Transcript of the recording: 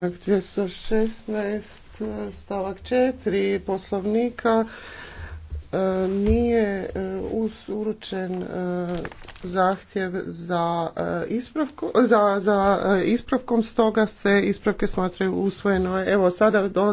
216 stavak 4 poslovnika e, nije e, uručen e, zahtjev za, ispravku, za, za ispravkom, stoga se ispravke smatraju usvojeno. Evo sada do